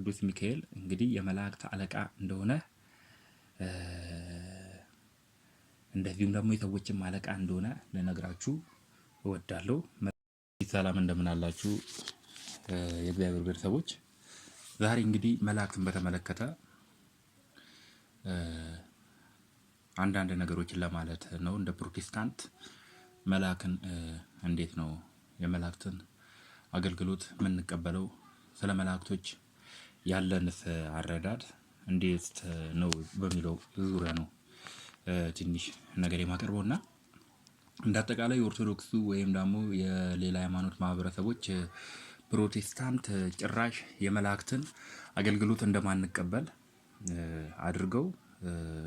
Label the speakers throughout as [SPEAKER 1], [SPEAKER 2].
[SPEAKER 1] ቅዱስ ሚካኤል እንግዲህ የመላእክት አለቃ እንደሆነ እንደዚሁም ደግሞ የሰዎችም አለቃ እንደሆነ ልነግራችሁ እወዳለሁ። ሰላም እንደምናላችሁ የእግዚአብሔር ቤተሰቦች? ዛሬ እንግዲህ መላእክትን በተመለከተ አንዳንድ ነገሮችን ለማለት ነው። እንደ ፕሮቴስታንት መላእክን እንዴት ነው የመላእክትን አገልግሎት የምንቀበለው? ስለ መላእክቶች ያለንስ አረዳድ እንዴት ነው በሚለው ዙሪያ ነው ትንሽ ነገር የማቀርበው እና እንደ ኦርቶዶክሱ ወይም ደግሞ የሌላ ሃይማኖት ማህበረሰቦች ፕሮቴስታንት ጭራሽ የመላእክትን አገልግሎት እንደማንቀበል አድርገው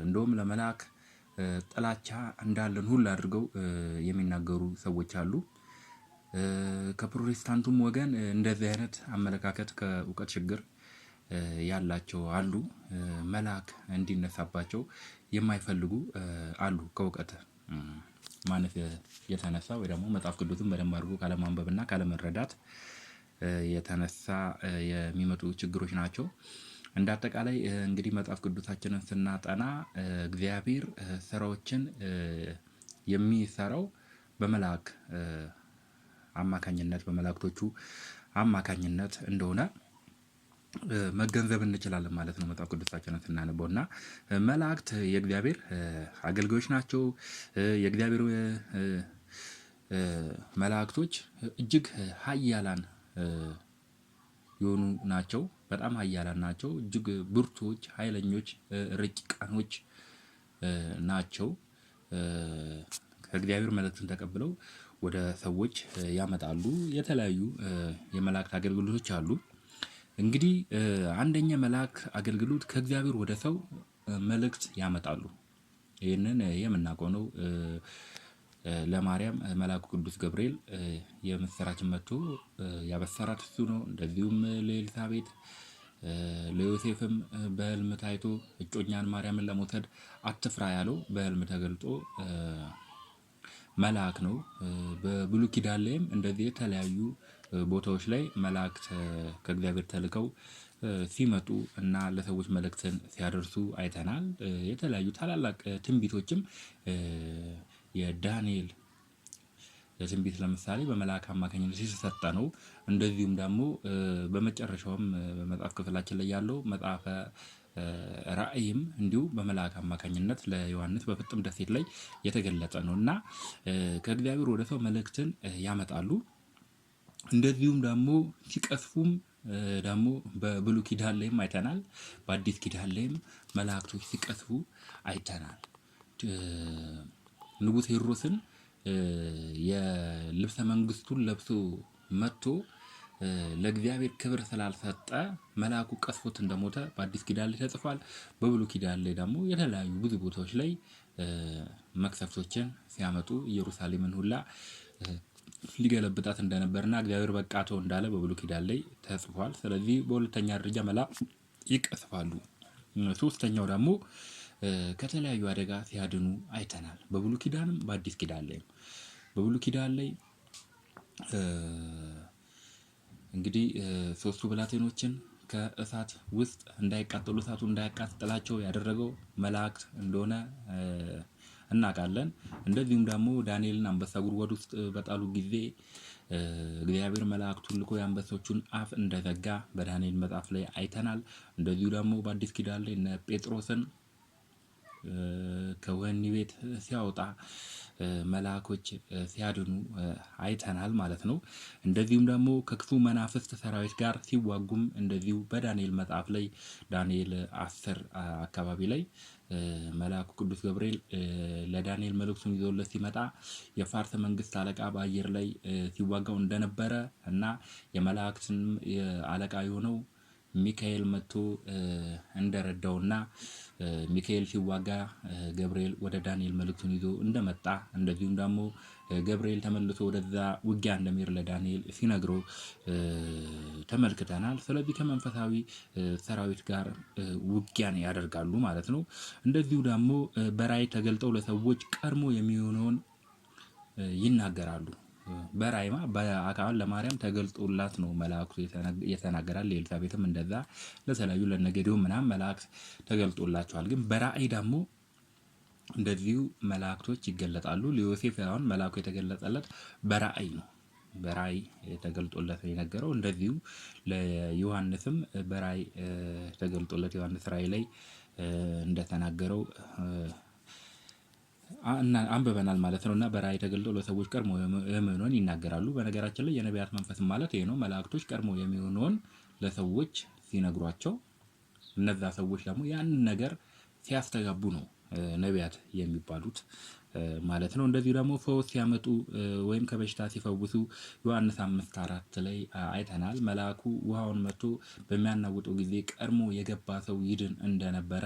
[SPEAKER 1] እንደውም ለመላእክ ጥላቻ እንዳለን ሁሉ አድርገው የሚናገሩ ሰዎች አሉ። ከፕሮቴስታንቱም ወገን እንደዚህ አይነት አመለካከት ከእውቀት ችግር ያላቸው አሉ መልአክ እንዲነሳባቸው የማይፈልጉ አሉ ከእውቀት ማነስ የተነሳ ወይ ደግሞ መጽሐፍ ቅዱስን በደንብ አድርጎ ካለማንበብና ካለመረዳት የተነሳ የሚመጡ ችግሮች ናቸው። እንደ አጠቃላይ እንግዲህ መጽሐፍ ቅዱሳችንን ስናጠና እግዚአብሔር ስራዎችን የሚሰራው በመልአክ አማካኝነት በመላእክቶቹ አማካኝነት እንደሆነ መገንዘብ እንችላለን ማለት ነው። መጽሐፍ ቅዱሳችንን ስናነበው እና መላእክት የእግዚአብሔር አገልጋዮች ናቸው። የእግዚአብሔር መላእክቶች እጅግ ኃያላን የሆኑ ናቸው። በጣም ኃያላን ናቸው። እጅግ ብርቱዎች፣ ኃይለኞች፣ ርቂቃኖች ናቸው። ከእግዚአብሔር መልእክትን ተቀብለው ወደ ሰዎች ያመጣሉ። የተለያዩ የመላእክት አገልግሎቶች አሉ። እንግዲህ አንደኛ መልአክ አገልግሎት ከእግዚአብሔር ወደ ሰው መልእክት ያመጣሉ። ይህንን የምናውቀው ነው። ለማርያም መልአኩ ቅዱስ ገብርኤል የምስራች መጥቶ ያበሰራት እሱ ነው። እንደዚሁም ለኤልሳቤት ለዮሴፍም በህልም ታይቶ እጮኛን ማርያምን ለመውሰድ አትፍራ ያለው በህልም ተገልጦ መልአክ ነው። በብሉይ ኪዳን ላይም እንደዚህ የተለያዩ ቦታዎች ላይ መላእክት ከእግዚአብሔር ተልከው ሲመጡ እና ለሰዎች መልእክትን ሲያደርሱ አይተናል። የተለያዩ ታላላቅ ትንቢቶችም የዳንኤል ትንቢት ለምሳሌ በመልአክ አማካኝነት የተሰጠ ነው። እንደዚሁም ደግሞ በመጨረሻውም በመጽሐፍ ክፍላችን ላይ ያለው መጽሐፈ ራእይም እንዲሁ በመልአክ አማካኝነት ለዮሐንስ በፍጥም ደሴት ላይ የተገለጠ ነው እና ከእግዚአብሔር ወደ ሰው መልእክትን ያመጣሉ። እንደዚሁም ደግሞ ሲቀስፉም ደግሞ በብሉ ኪዳን ላይም አይተናል። በአዲስ ኪዳን ላይም መላእክቶች ሲቀስፉ አይተናል። ንጉሥ ሄሮስን የልብሰ መንግስቱን ለብሶ መጥቶ ለእግዚአብሔር ክብር ስላልሰጠ መልአኩ ቀስፎት እንደሞተ በአዲስ ኪዳን ላይ ተጽፏል። በብሉ ኪዳን ላይ ደግሞ የተለያዩ ብዙ ቦታዎች ላይ መክሰፍቶችን ሲያመጡ ኢየሩሳሌምን ሁላ ሊገለብጣት እንደነበርና እግዚአብሔር በቃቶ እንዳለ በብሉ ኪዳን ላይ ተጽፏል። ስለዚህ በሁለተኛ ደረጃ መላእክት ይቀስፋሉ። ሶስተኛው ደግሞ ከተለያዩ አደጋ ሲያድኑ አይተናል። በብሉ ኪዳንም በአዲስ ኪዳን ላይም በብሉ ኪዳን ላይ እንግዲህ ሶስቱ ብላቴኖችን ከእሳት ውስጥ እንዳይቃጠሉ እሳቱ እንዳያቃጥላቸው ያደረገው መላእክት እንደሆነ እናውቃለን። እንደዚሁም ደግሞ ዳንኤልን አንበሳ ጉድጓድ ውስጥ በጣሉ ጊዜ እግዚአብሔር መላእክቱን ልኮ የአንበሶቹን አፍ እንደዘጋ በዳንኤል መጽሐፍ ላይ አይተናል። እንደዚሁ ደግሞ በአዲስ ኪዳን ላይ እነ ጴጥሮስን ከወህኒ ቤት ሲያወጣ መልአኮች ሲያድኑ አይተናል ማለት ነው። እንደዚሁም ደግሞ ከክፉ መናፍስት ሰራዊት ጋር ሲዋጉም እንደዚሁ በዳንኤል መጽሐፍ ላይ ዳንኤል አስር አካባቢ ላይ መልአኩ ቅዱስ ገብርኤል ለዳንኤል መልእክቱን ይዞለት ሲመጣ የፋርስ መንግስት አለቃ በአየር ላይ ሲዋጋው እንደነበረ እና የመላእክትን አለቃ የሆነው ሚካኤል መጥቶ እንደረዳውና ሚካኤል ሲዋጋ ገብርኤል ወደ ዳንኤል መልእክቱን ይዞ እንደመጣ እንደዚሁም ደግሞ ገብርኤል ተመልሶ ወደዛ ውጊያ እንደሚሄድ ለዳንኤል ሲነግሮ ተመልክተናል። ስለዚህ ከመንፈሳዊ ሰራዊት ጋር ውጊያን ያደርጋሉ ማለት ነው። እንደዚሁ ደግሞ በራእይ ተገልጠው ለሰዎች ቀድሞ የሚሆነውን ይናገራሉ። በራይማ በአካል ለማርያም ተገልጦላት ነው መልአኩ የተናገራል። ኤልሳቤትም እንደዛ ለተለያዩ ለነገዴው ምናም መልአክ ተገልጦላቸዋል። ግን በራእይ ደግሞ እንደዚሁ መላእክቶች ይገለጣሉ። ለዮሴፍ አሁን መልአኩ የተገለጠለት በራእይ ነው። በራይ ተገልጦለት ነው የነገረው። እንደዚሁ ለዮሐንስም በራይ ተገልጦለት ዮሐንስ ራይ ላይ እንደተናገረው አንብበናል ማለት ነው። እና በራእይ ተገልጦ ለሰዎች ቀድሞ የሚሆነውን ይናገራሉ። በነገራችን ላይ የነቢያት መንፈስ ማለት ይሄ ነው። መላእክቶች ቀድሞ የሚሆነውን ለሰዎች ሲነግሯቸው እነዛ ሰዎች ደግሞ ያንን ነገር ሲያስተጋቡ ነው ነቢያት የሚባሉት። ማለት ነው። እንደዚሁ ደግሞ ፈውስ ሲያመጡ ወይም ከበሽታ ሲፈውሱ ዮሐንስ አምስት አራት ላይ አይተናል መልአኩ ውሃውን መጥቶ በሚያናውጠው ጊዜ ቀድሞ የገባ ሰው ይድን እንደነበረ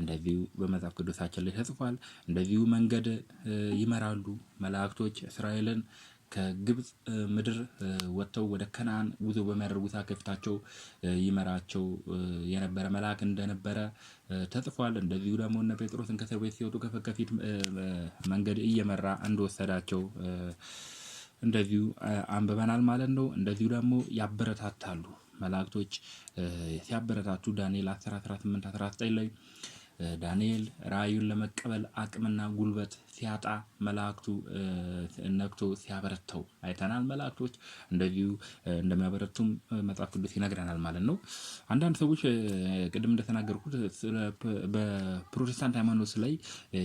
[SPEAKER 1] እንደዚሁ በመጽሐፍ ቅዱሳችን ላይ ተጽፏል። እንደዚሁ መንገድ ይመራሉ መላእክቶች እስራኤልን ከግብጽ ምድር ወጥተው ወደ ከናን ጉዞ በሚያደርጉት አከፊታቸው ይመራቸው የነበረ መልአክ እንደነበረ ተጽፏል። እንደዚሁ ደግሞ እነ ጴጥሮስን ከእስር ቤት ሲወጡ ከፊት መንገድ እየመራ እንደወሰዳቸው እንደዚሁ አንብበናል ማለት ነው። እንደዚሁ ደግሞ ያበረታታሉ መላእክቶች ሲያበረታቱ ዳንኤል 10 18 19 ላይ ዳንኤል ራዩን ለመቀበል አቅምና ጉልበት ሲያጣ መላእክቱ ነክቶ ሲያበረተው አይተናል። መላእክቶች እንደዚሁ እንደሚያበረቱም መጽሐፍ ቅዱስ ይነግረናል ማለት ነው። አንዳንድ ሰዎች ቅድም እንደተናገርኩት በፕሮቴስታንት ሃይማኖት ላይ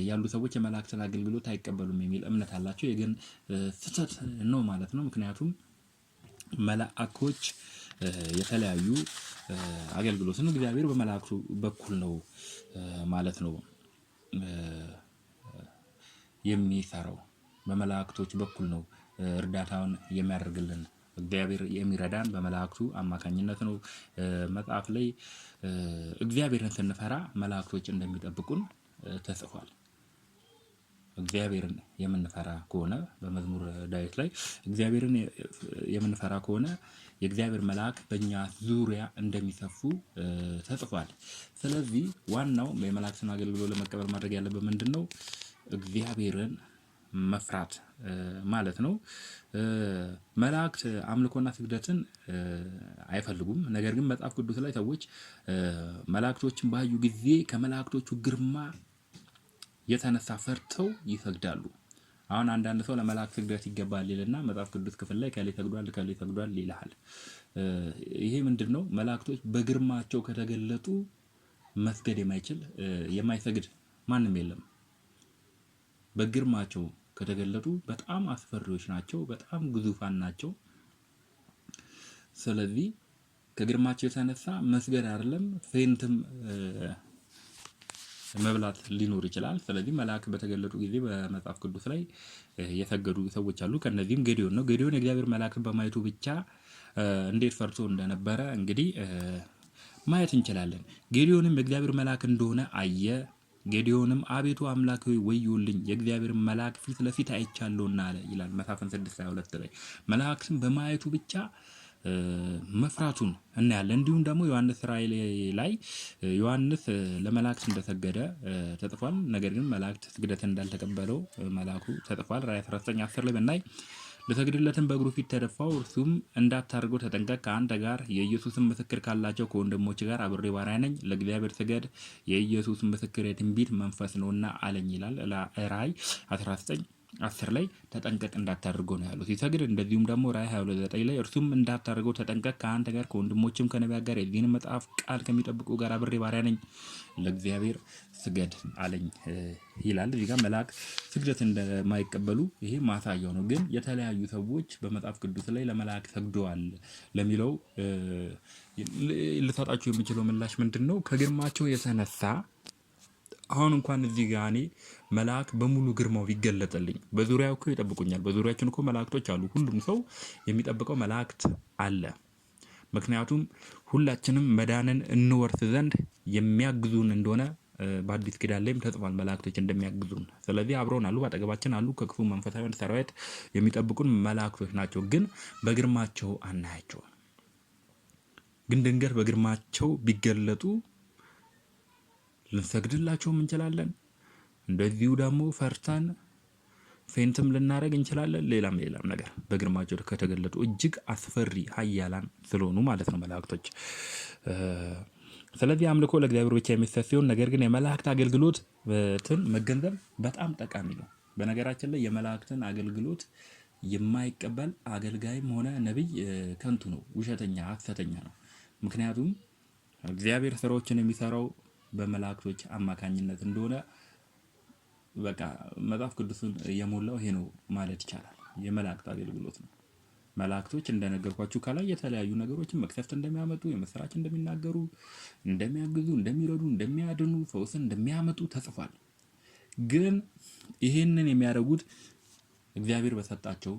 [SPEAKER 1] ያሉ ሰዎች የመላእክትን አገልግሎት አይቀበሉም የሚል እምነት አላቸው። ግን ስህተት ነው ማለት ነው። ምክንያቱም መላእኮች የተለያዩ አገልግሎትን እግዚአብሔር በመላእክቱ በኩል ነው ማለት ነው የሚሰራው። በመላእክቶች በኩል ነው እርዳታውን የሚያደርግልን። እግዚአብሔር የሚረዳን በመላእክቱ አማካኝነት ነው። መጽሐፍ ላይ እግዚአብሔርን ስንፈራ መላእክቶች እንደሚጠብቁን ተጽፏል። እግዚአብሔርን የምንፈራ ከሆነ በመዝሙር ዳዊት ላይ እግዚአብሔርን የምንፈራ ከሆነ የእግዚአብሔር መልአክ በእኛ ዙሪያ እንደሚሰፉ ተጽፏል። ስለዚህ ዋናው የመላእክትን አገልግሎት ለመቀበል ማድረግ ያለበት ምንድን ነው? እግዚአብሔርን መፍራት ማለት ነው። መላእክት አምልኮና ስግደትን አይፈልጉም። ነገር ግን መጽሐፍ ቅዱስ ላይ ሰዎች መላእክቶችን ባዩ ጊዜ ከመላእክቶቹ ግርማ የተነሳ ፈርተው ይሰግዳሉ። አሁን አንዳንድ ሰው ለመላእክት ስግደት ይገባል ይልና መጽሐፍ ቅዱስ ክፍል ላይ ከሌ ሰግዷል ከሌ ሰግዷል ይልሃል። ይሄ ምንድን ነው? መላእክቶች በግርማቸው ከተገለጡ መስገድ የማይችል የማይሰግድ ማንም የለም። በግርማቸው ከተገለጡ በጣም አስፈሪዎች ናቸው፣ በጣም ግዙፋን ናቸው። ስለዚህ ከግርማቸው የተነሳ መስገድ አይደለም ፌንትም መብላት ሊኖር ይችላል። ስለዚህ መልአክ በተገለጡ ጊዜ በመጽሐፍ ቅዱስ ላይ የሰገዱ ሰዎች አሉ። ከእነዚህም ጌዲዮን ነው። ጌዲዮን የእግዚአብሔር መልአክን በማየቱ ብቻ እንዴት ፈርቶ እንደነበረ እንግዲህ ማየት እንችላለን። ጌዲዮንም የእግዚአብሔር መልአክ እንደሆነ አየ። ጌዲዮንም አቤቱ አምላክ ሆይ ወዮልኝ፣ የእግዚአብሔር መልአክ ፊት ለፊት አይቻለሁና አለ ይላል መሳፍንት 6 22 ላይ መልአክን በማየቱ ብቻ መፍራቱን እናያለን። እንዲሁም ደግሞ ዮሐንስ ራእይ ላይ ዮሐንስ ለመላእክት እንደሰገደ ተጽፏል። ነገር ግን መላእክት ስግደትን እንዳልተቀበለው መልአኩ ተጽፏል። ራእይ 19 10 ላይ ብናይ ልሰግድለትን በእግሩ ፊት ተደፋው፣ እርሱም እንዳታደርገው ተጠንቀቅ፣ ከአንተ ጋር የኢየሱስን ምስክር ካላቸው ከወንድሞች ጋር አብሬ ባሪያ ነኝ፣ ለእግዚአብሔር ስገድ፣ የኢየሱስ ምስክር የትንቢት መንፈስ ነውና አለኝ ይላል ራእይ 19 አስር ላይ ተጠንቀቅ እንዳታደርገው ነው ያሉት ይሰግድ። እንደዚሁም ደግሞ ራይ 22፥9 ላይ እርሱም እንዳታደርገው ተጠንቀቅ፣ ከአንተ ጋር ከወንድሞችም ከነቢያት ጋር የዚህን መጽሐፍ ቃል ከሚጠብቁ ጋር አብሬ ባሪያ ነኝ፣ ለእግዚአብሔር ስገድ አለኝ ይላል። እዚህ መልአክ ስግደት እንደማይቀበሉ ይሄ ማሳያው ነው። ግን የተለያዩ ሰዎች በመጽሐፍ ቅዱስ ላይ ለመልአክ ሰግደዋል ለሚለው ልሰጣቸው የምችለው ምላሽ ምንድን ነው? ከግርማቸው የተነሳ አሁን እንኳን እዚህ ጋ እኔ መልአክ በሙሉ ግርማው ቢገለጠልኝ በዙሪያ እኮ ይጠብቁኛል። በዙሪያችን እኮ መላእክቶች አሉ። ሁሉም ሰው የሚጠብቀው መላእክት አለ። ምክንያቱም ሁላችንም መዳንን እንወርስ ዘንድ የሚያግዙን እንደሆነ በአዲስ ኪዳን ላይም ተጽፏል፣ መላእክቶች እንደሚያግዙን። ስለዚህ አብረውን አሉ፣ በአጠገባችን አሉ። ከክፉ መንፈሳዊን ሰራዊት የሚጠብቁን መላእክቶች ናቸው። ግን በግርማቸው አናያቸው። ግን ድንገት በግርማቸው ቢገለጡ ልንሰግድላቸውም እንችላለን። እንደዚሁ ደግሞ ፈርተን ፌንትም ልናደረግ እንችላለን። ሌላም ሌላም ነገር በግርማቸው ከተገለጡ እጅግ አስፈሪ ኃያላን ስለሆኑ ማለት ነው መላእክቶች። ስለዚህ አምልኮ ለእግዚአብሔር ብቻ የሚሰጥ ሲሆን ነገር ግን የመላእክት አገልግሎትን መገንዘብ በጣም ጠቃሚ ነው። በነገራችን ላይ የመላእክትን አገልግሎት የማይቀበል አገልጋይም ሆነ ነቢይ ከንቱ ነው፣ ውሸተኛ፣ ሐሰተኛ ነው። ምክንያቱም እግዚአብሔር ስራዎችን የሚሰራው በመላእክቶች አማካኝነት እንደሆነ በቃ መጽሐፍ ቅዱስን የሞላው ይሄ ነው ማለት ይቻላል። የመላእክት አገልግሎት ነው። መላእክቶች እንደነገርኳችሁ ከላይ የተለያዩ ነገሮችን መቅሰፍት እንደሚያመጡ፣ የምስራች እንደሚናገሩ፣ እንደሚያግዙ፣ እንደሚረዱ፣ እንደሚያድኑ፣ ፈውስን እንደሚያመጡ ተጽፏል። ግን ይህንን የሚያደርጉት እግዚአብሔር በሰጣቸው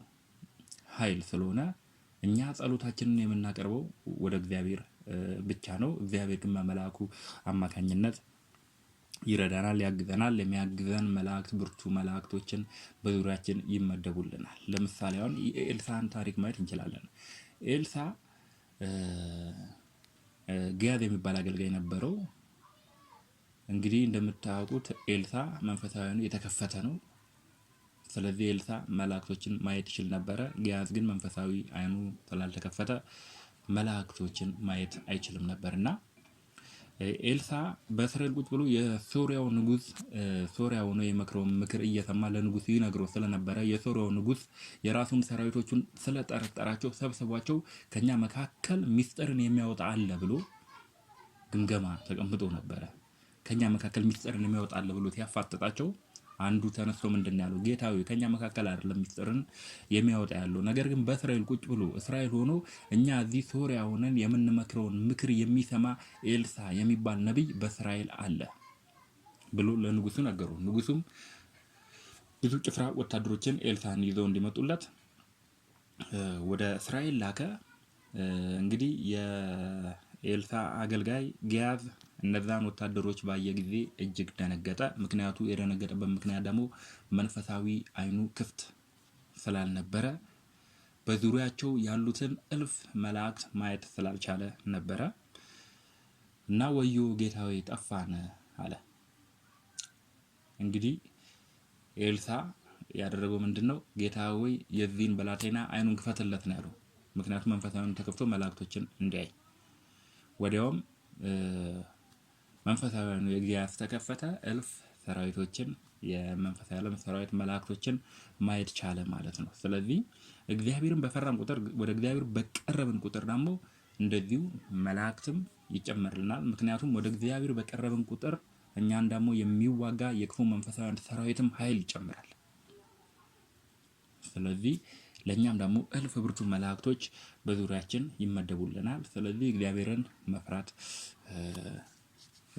[SPEAKER 1] ኃይል ስለሆነ እኛ ጸሎታችንን የምናቀርበው ወደ እግዚአብሔር ብቻ ነው። እግዚአብሔር ግን በመልአኩ አማካኝነት ይረዳናል፣ ያግዘናል። የሚያግዘን መላእክት ብርቱ መላእክቶችን በዙሪያችን ይመደቡልናል። ለምሳሌ አሁን የኤልሳን ታሪክ ማየት እንችላለን። ኤልሳ ግያዝ የሚባል አገልጋይ ነበረው። እንግዲህ እንደምታውቁት ኤልሳ መንፈሳዊ የተከፈተ ነው። ስለዚህ ኤልሳ መላእክቶችን ማየት ይችል ነበረ። ግያዝ ግን መንፈሳዊ አይኑ ስላልተከፈተ መላእክቶችን ማየት አይችልም ነበርና ኤልሳ በእስራኤል ቁጭ ብሎ የሶሪያው ንጉስ ሶሪያው ነው የመክረውን ምክር እየሰማ ለንጉሱ ይነግረው ስለነበረ የሶሪያው ንጉስ የራሱን ሰራዊቶቹን ስለጠረጠራቸው ሰብስቧቸው ከኛ መካከል ሚስጥርን የሚያወጣ አለ ብሎ ግምገማ ተቀምጦ ነበረ። ከኛ መካከል ሚስጥርን የሚያወጣ አለ ብሎ ሲያፋጥጣቸው አንዱ ተነስቶ ምንድን ያለው ጌታዊ ከኛ መካከል አይደለም ሚስጥርን የሚያወጣ ያለው ነገር ግን በእስራኤል ቁጭ ብሎ እስራኤል ሆኖ እኛ እዚህ ሶሪያ ሆነን የምንመክረውን ምክር የሚሰማ ኤልሳ የሚባል ነቢይ በእስራኤል አለ ብሎ ለንጉሱ ነገሩ። ንጉሱም ብዙ ጭፍራ ወታደሮችን ኤልሳን ይዘው እንዲመጡለት ወደ እስራኤል ላከ። እንግዲህ የኤልሳ አገልጋይ ጊያዝ እነዛን ወታደሮች ባየ ጊዜ እጅግ ደነገጠ። ምክንያቱ የደነገጠበት ምክንያት ደግሞ መንፈሳዊ አይኑ ክፍት ስላልነበረ በዙሪያቸው ያሉትን እልፍ መላእክት ማየት ስላልቻለ ነበረ እና ወዮ ጌታዊ ጠፋን አለ። እንግዲህ ኤልሳ ያደረገው ምንድን ነው? ወይ የዚህን በላቴና አይኑን ክፈትለት ነው ያለው። ምክንያቱም መንፈሳዊን ተከፍቶ መላእክቶችን እንዲያይ ወዲያውም መንፈሳዊ የእግዚአብሔር ተከፈተ። እልፍ ሰራዊቶችን የመንፈሳዊ ዓለም ሰራዊት መላእክቶችን ማየት ቻለ ማለት ነው። ስለዚህ እግዚአብሔርን በፈራን ቁጥር ወደ እግዚአብሔር በቀረብን ቁጥር ደግሞ እንደዚሁ መላእክትም ይጨመርልናል። ምክንያቱም ወደ እግዚአብሔር በቀረብን ቁጥር እኛን ደግሞ የሚዋጋ የክፉ መንፈሳዊያን ሰራዊትም ኃይል ይጨምራል። ስለዚህ ለእኛም ደግሞ እልፍ ብርቱ መላእክቶች በዙሪያችን ይመደቡልናል። ስለዚህ እግዚአብሔርን መፍራት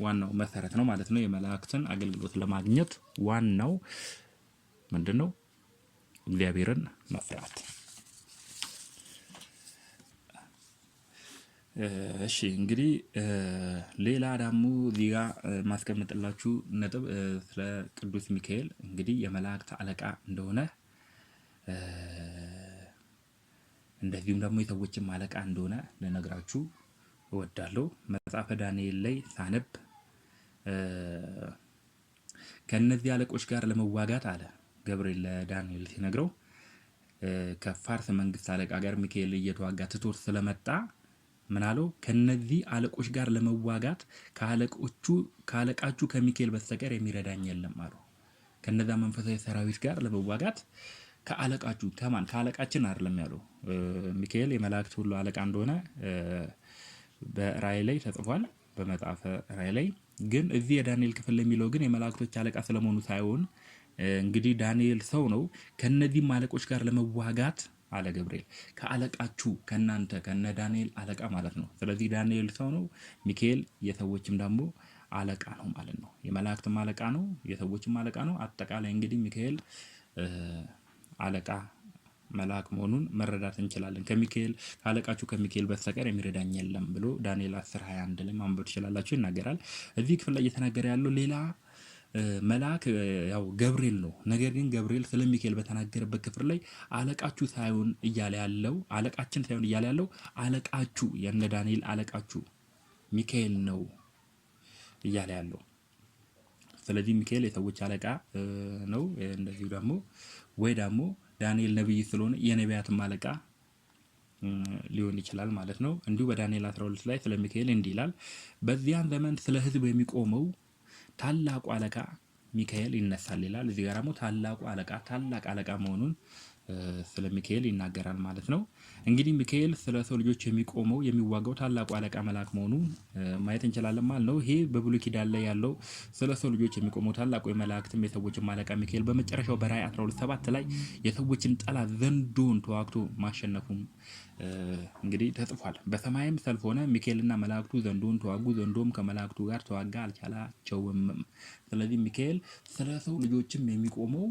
[SPEAKER 1] ዋናው መሰረት ነው ማለት ነው። የመላእክትን አገልግሎት ለማግኘት ዋናው ምንድን ነው? እግዚአብሔርን መፍራት። እሺ እንግዲህ ሌላ ደግሞ እዚህ ጋ ማስቀምጥላችሁ ነጥብ ስለ ቅዱስ ሚካኤል እንግዲህ የመላእክት አለቃ እንደሆነ እንደዚሁም ደግሞ የሰዎችም አለቃ እንደሆነ ልነግራችሁ እወዳለሁ። መጽሐፈ ዳንኤል ላይ ሳነብ ከእነዚህ አለቆች ጋር ለመዋጋት አለ ገብርኤል ለዳንኤል ሲነግረው ከፋርስ መንግስት አለቃ ጋር ሚካኤል እየተዋጋ ትቶት ስለመጣ ምን አለው? ከነዚህ አለቆች ጋር ለመዋጋት ከአለቆቹ ከአለቃችሁ ከሚካኤል በስተቀር የሚረዳኝ የለም አሉ። ከነዛ መንፈሳዊ ሰራዊት ጋር ለመዋጋት ከአለቃችሁ ከማን ከአለቃችን አይደለም ያለው ሚካኤል የመላእክት ሁሉ አለቃ እንደሆነ በራእይ ላይ ተጽፏል በመጽሐፈ ራእይ ላይ ግን እዚህ የዳንኤል ክፍል የሚለው ግን የመላእክቶች አለቃ ስለመሆኑ ሳይሆን እንግዲህ ዳንኤል ሰው ነው። ከነዚህም አለቆች ጋር ለመዋጋት አለ ገብርኤል ከአለቃችሁ ከእናንተ ከነ ዳንኤል አለቃ ማለት ነው። ስለዚህ ዳንኤል ሰው ነው። ሚካኤል የሰዎችም ደግሞ አለቃ ነው ማለት ነው። የመላእክትም አለቃ ነው፣ የሰዎችም አለቃ ነው። አጠቃላይ እንግዲህ ሚካኤል አለቃ መልአክ መሆኑን መረዳት እንችላለን። ከሚካኤል ከአለቃችሁ ከሚካኤል በስተቀር የሚረዳኝ የለም ብሎ ዳንኤል 10 21 ላይ ማንበብ ትችላላችሁ ይናገራል። እዚህ ክፍል ላይ እየተናገረ ያለው ሌላ መልአክ ያው ገብርኤል ነው። ነገር ግን ገብርኤል ስለ ሚካኤል በተናገረበት ክፍል ላይ አለቃችሁ ሳይሆን እያለ ያለው አለቃችን ሳይሆን እያለ ያለው አለቃችሁ የነ ዳንኤል አለቃችሁ ሚካኤል ነው እያለ ያለው። ስለዚህ ሚካኤል የሰዎች አለቃ ነው። እንደዚሁ ደግሞ ወይ ደግሞ ዳንኤል ነብይ ስለሆነ የነቢያትም አለቃ ሊሆን ይችላል ማለት ነው። እንዲሁ በዳንኤል 12 ላይ ስለ ሚካኤል እንዲህ ይላል፣ በዚያን ዘመን ስለ ህዝብ የሚቆመው ታላቁ አለቃ ሚካኤል ይነሳል ይላል። እዚህ ጋር ደግሞ ታላቁ አለቃ ታላቅ አለቃ መሆኑን ስለ ሚካኤል ይናገራል ማለት ነው። እንግዲህ ሚካኤል ስለ ሰው ልጆች የሚቆመው የሚዋጋው ታላቁ አለቃ መልአክ መሆኑን ማየት እንችላለን ማለት ነው። ይሄ በብሉይ ኪዳን ላይ ያለው ስለ ሰው ልጆች የሚቆመው ታላቁ የመላእክትም የሰዎችም አለቃ ሚካኤል በመጨረሻው በራእይ 12 ሰባት ላይ የሰዎችን ጠላት ዘንዶን ተዋግቶ ማሸነፉም እንግዲህ ተጽፏል። በሰማይም ሰልፍ ሆነ፣ ሚካኤልና መላእክቱ ዘንዶን ተዋጉ፣ ዘንዶም ከመላእክቱ ጋር ተዋጋ፣ አልቻላቸውም። ስለዚህ ሚካኤል ስለ ሰው ልጆችም የሚቆመው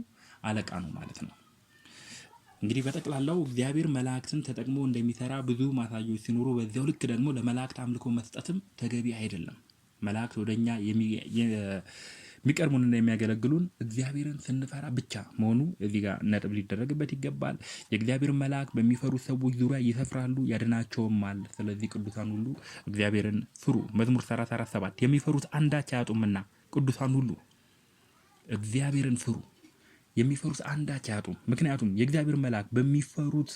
[SPEAKER 1] አለቃ ነው ማለት ነው። እንግዲህ በጠቅላላው እግዚአብሔር መላእክትን ተጠቅሞ እንደሚሰራ ብዙ ማሳያዎች ሲኖሩ በዚያው ልክ ደግሞ ለመላእክት አምልኮ መስጠትም ተገቢ አይደለም። መላእክት ወደ እኛ የሚያገለግሉን እግዚአብሔርን ስንፈራ ብቻ መሆኑ እዚህ ጋር ነጥብ ሊደረግበት ይገባል። የእግዚአብሔር መላእክት በሚፈሩ ሰዎች ዙሪያ ይሰፍራሉ ያድናቸውማል። ስለዚህ ቅዱሳን ሁሉ እግዚአብሔርን ፍሩ። መዝሙር 34 ሰባት የሚፈሩት አንዳች አያጡምና ቅዱሳን ሁሉ እግዚአብሔርን ፍሩ። የሚፈሩት አንዳች አያጡም። ምክንያቱም የእግዚአብሔር መልአክ በሚፈሩት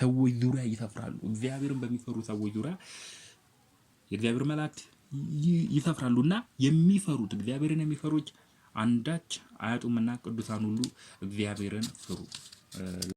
[SPEAKER 1] ሰዎች ዙሪያ ይሰፍራሉ። እግዚአብሔርን በሚፈሩ ሰዎች ዙሪያ የእግዚአብሔር ይሰፍራሉ ይሰፍራሉና የሚፈሩት እግዚአብሔርን የሚፈሩት አንዳች አያጡምና ቅዱሳን ሁሉ እግዚአብሔርን ፍሩ።